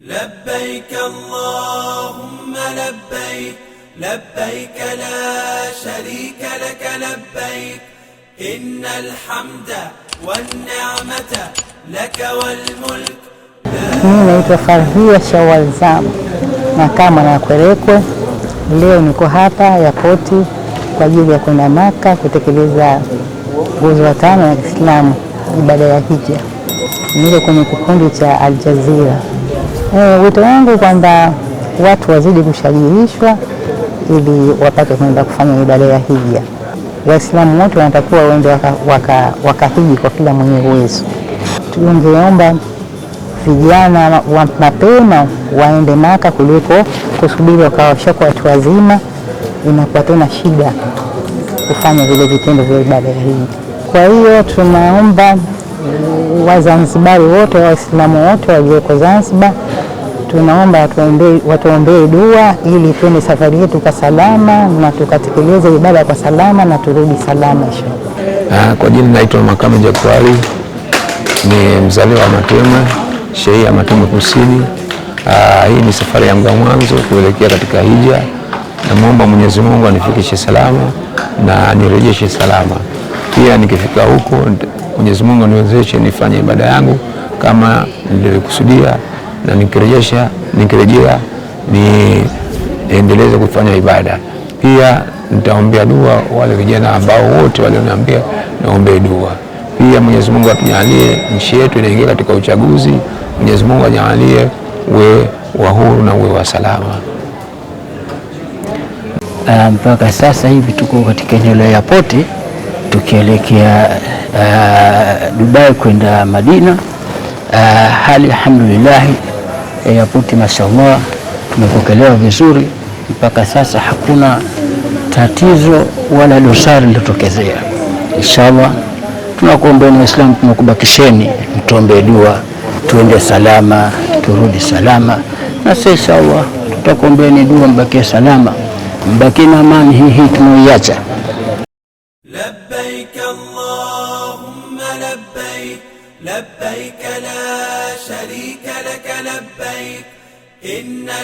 لبيك اللهم لبيك لبيك لا شريك لك لبيك إن الحمد والنعمة لك والملك mimi naitwa Farhia Shawal Zamu, na Mwanakwerekwe. Leo niko hapa yapoti kwa ajili ya kwenda Maka kutekeleza nguzo ya tano ya Kiislamu, ibada ya hija. Niko kwenye kikundi cha Aljazira. Eh, wito wangu kwamba watu wazidi kushajirishwa ili wapate kwenda kufanya ibada ya hija. Waislamu wote wanatakiwa waende wakahiji waka, waka kwa kila mwenye uwezo. Tungeomba vijana wa mapema waende Maka kuliko kusubiri wakawashaka watu wazima, inakuwa tena shida kufanya vile vitendo vya ibada ya hija. Kwa hiyo tunaomba Wazanzibari wote Waislamu wote walioko Zanzibar tunaomba watuombee dua ili tuende safari yetu kwa salama na tukatekeleze ibada kwa salama na turudi salama inshallah. Ah, kwa jina naitwa Makame Jakwari, ni mzaliwa wa Matema, shehia ya Matema Kusini. Ah, hii ni safari yangu ya mwanzo kuelekea katika hija. Namwomba Mwenyezi Mungu anifikishe salama na anirejeshe salama pia. Nikifika huko, Mwenyezi Mungu aniwezeshe nifanye ibada yangu kama nilivyokusudia na nikirejesha nikirejea niendeleze kufanya ibada. Pia nitaombea dua wale vijana ambao wote walioniambia naombee dua. Pia Mwenyezi Mungu atujalie nchi yetu inaingia katika uchaguzi. Mwenyezi Mungu ajalie uwe wa huru na uwe wa salama. Uh, mpaka sasa hivi tuko katika eneo la airport tukielekea uh, Dubai kwenda Madina. Uh, hali alhamdulillah airport, mashallah tumepokelewa vizuri mpaka sasa, hakuna tatizo wala dosari lilotokezea. Inshallah tunakuombeni Waislamu, tunakubakisheni mtombe dua, tuende salama turudi salama, na sasa inshallah tutakuombeeni dua, mbakie salama, mbaki na amani hii hii tunaiacha. Labbaik Allahumma labbaik لبيك لا شريك لك لبيك إن